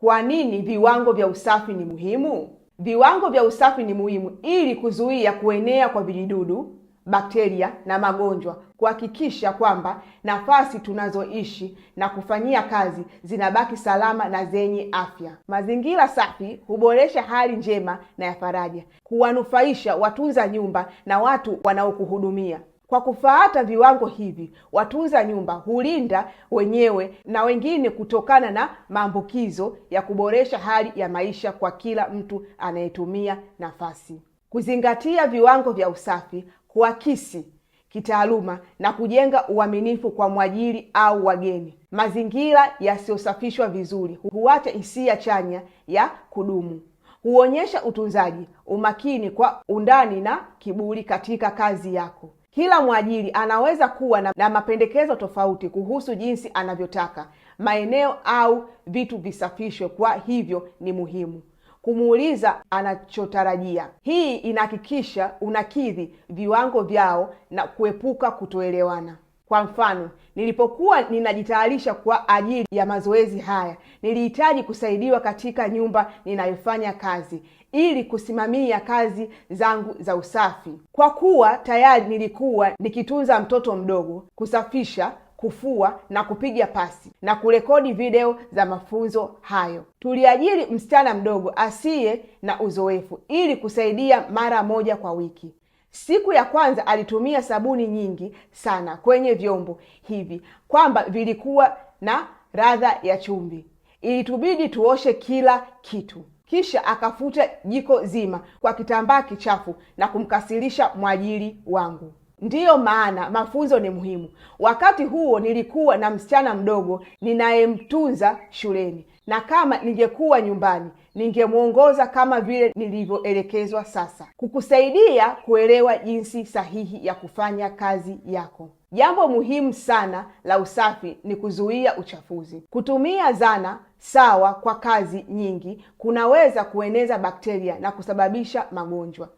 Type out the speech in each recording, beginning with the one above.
Kwa nini viwango vya usafi ni muhimu? Viwango vya usafi ni muhimu ili kuzuia kuenea kwa vijidudu, bakteria na magonjwa, kuhakikisha kwamba nafasi tunazoishi na kufanyia kazi zinabaki salama na zenye afya. Mazingira safi huboresha hali njema na ya faraja, kuwanufaisha watunza nyumba na watu wanaokuhudumia. Kwa kufuata viwango hivi, watunza nyumba hulinda wenyewe na wengine kutokana na maambukizo ya kuboresha hali ya maisha kwa kila mtu anayetumia nafasi. Kuzingatia viwango vya usafi huakisi kitaaluma na kujenga uaminifu kwa mwajiri au wageni. Mazingira yasiyosafishwa vizuri huacha hisia chanya ya kudumu, huonyesha utunzaji, umakini kwa undani na kiburi katika kazi yako. Kila mwajiri anaweza kuwa na, na mapendekezo tofauti kuhusu jinsi anavyotaka maeneo au vitu visafishwe. Kwa hivyo ni muhimu kumuuliza anachotarajia. Hii inahakikisha unakidhi viwango vyao na kuepuka kutoelewana. Kwa mfano, nilipokuwa ninajitayarisha kwa ajili ya mazoezi haya, nilihitaji kusaidiwa katika nyumba ninayofanya kazi ili kusimamia kazi zangu za usafi. Kwa kuwa tayari nilikuwa nikitunza mtoto mdogo, kusafisha, kufua na kupiga pasi na kurekodi video za mafunzo hayo. Tuliajiri msichana mdogo asiye na uzoefu ili kusaidia mara moja kwa wiki. Siku ya kwanza alitumia sabuni nyingi sana kwenye vyombo hivi kwamba vilikuwa na radha ya chumvi. Ilitubidi tuoshe kila kitu. Kisha akafuta jiko zima kwa kitambaa kichafu na kumkasilisha mwajili wangu. Ndiyo maana mafunzo ni muhimu. Wakati huo nilikuwa na msichana mdogo ninayemtunza shuleni, na kama ningekuwa nyumbani ningemwongoza kama vile nilivyoelekezwa. Sasa kukusaidia kuelewa jinsi sahihi ya kufanya kazi yako. Jambo muhimu sana la usafi ni kuzuia uchafuzi. Kutumia zana sawa kwa kazi nyingi kunaweza kueneza bakteria na kusababisha magonjwa.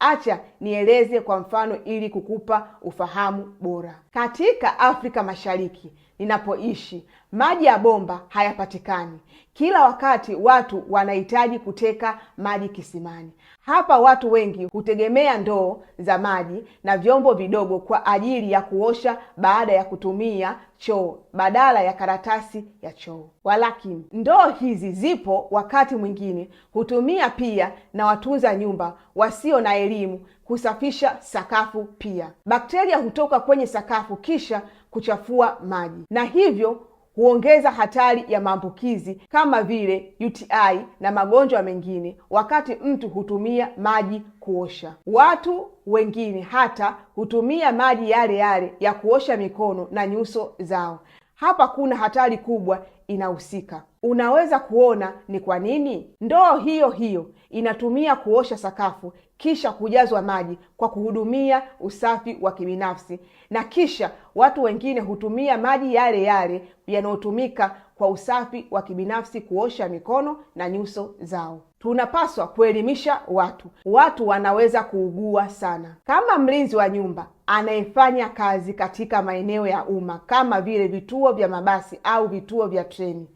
Acha nieleze kwa mfano ili kukupa ufahamu bora. Katika Afrika Mashariki ninapoishi maji ya bomba hayapatikani. Kila wakati watu wanahitaji kuteka maji kisimani. Hapa watu wengi hutegemea ndoo za maji na vyombo vidogo kwa ajili ya kuosha baada ya kutumia choo badala ya karatasi ya choo. Walakini ndoo hizi zipo, wakati mwingine hutumia pia na watunza nyumba wasio na elimu kusafisha sakafu pia. Bakteria hutoka kwenye sakafu kisha kuchafua maji na hivyo huongeza hatari ya maambukizi kama vile UTI na magonjwa mengine, wakati mtu hutumia maji kuosha. Watu wengine hata hutumia maji yale yale ya kuosha mikono na nyuso zao, hapa kuna hatari kubwa inahusika. Unaweza kuona ni kwa nini ndoo hiyo hiyo inatumia kuosha sakafu kisha kujazwa maji kwa kuhudumia usafi wa kibinafsi, na kisha watu wengine hutumia maji yale yale yanayotumika kwa usafi wa kibinafsi kuosha mikono na nyuso zao. Tunapaswa kuelimisha watu, watu wanaweza kuugua sana. Kama mlinzi wa nyumba anayefanya kazi katika maeneo ya umma kama vile vituo vya mabasi au vituo vya treni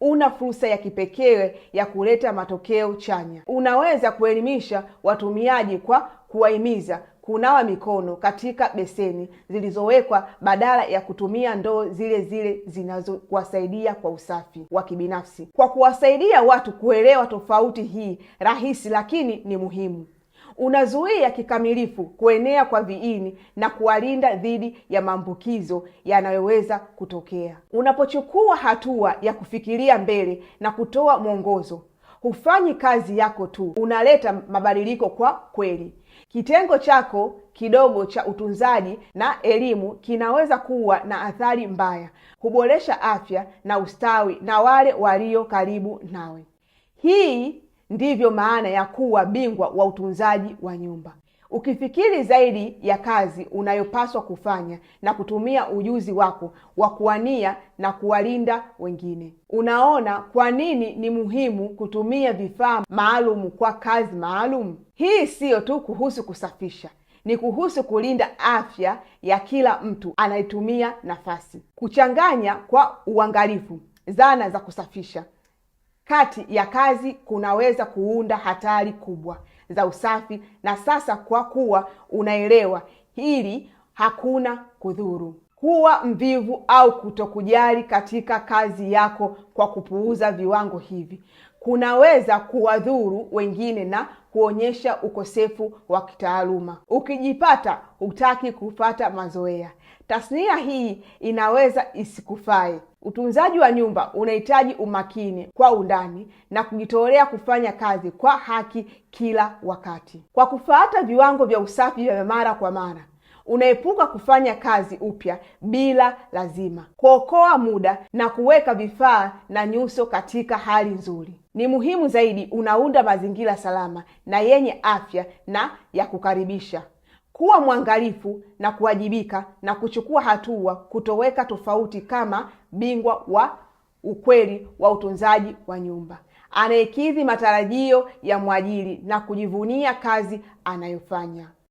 una fursa ya kipekee ya kuleta matokeo chanya. Unaweza kuelimisha watumiaji kwa kuwahimiza kunawa mikono katika beseni zilizowekwa badala ya kutumia ndoo zile zile zinazowasaidia kwa usafi wa kibinafsi. Kwa kuwasaidia watu kuelewa tofauti hii rahisi lakini ni muhimu unazuia kikamilifu kuenea kwa viini na kuwalinda dhidi ya maambukizo yanayoweza kutokea. Unapochukua hatua ya kufikiria mbele na kutoa mwongozo, hufanyi kazi yako tu, unaleta mabadiliko kwa kweli. Kitengo chako kidogo cha utunzaji na elimu kinaweza kuwa na athari mbaya, kuboresha afya na ustawi na wale walio karibu nawe. Hii Ndivyo maana ya kuwa bingwa wa utunzaji wa nyumba. Ukifikiri zaidi ya kazi unayopaswa kufanya na kutumia ujuzi wako wa kuwania na kuwalinda wengine. Unaona kwa nini ni muhimu kutumia vifaa maalum kwa kazi maalum? Hii siyo tu kuhusu kusafisha, ni kuhusu kulinda afya ya kila mtu anayetumia nafasi. Kuchanganya kwa uangalifu zana za kusafisha kati ya kazi kunaweza kuunda hatari kubwa za usafi, na sasa kwa kuwa unaelewa hili, hakuna kudhuru. Kuwa mvivu au kutokujali katika kazi yako kwa kupuuza viwango hivi kunaweza kuwadhuru wengine na kuonyesha ukosefu wa kitaaluma. Ukijipata hutaki kufata mazoea, tasnia hii inaweza isikufai. Utunzaji wa nyumba unahitaji umakini kwa undani na kujitolea kufanya kazi kwa haki kila wakati, kwa kufuata viwango vya usafi vya mara kwa mara unaepuka kufanya kazi upya bila lazima, kuokoa muda na kuweka vifaa na nyuso katika hali nzuri. Ni muhimu zaidi, unaunda mazingira salama na yenye afya na ya kukaribisha. Kuwa mwangalifu na kuwajibika na kuchukua hatua kutoweka tofauti kama bingwa wa ukweli wa utunzaji wa nyumba anayekidhi matarajio ya mwajiri na kujivunia kazi anayofanya.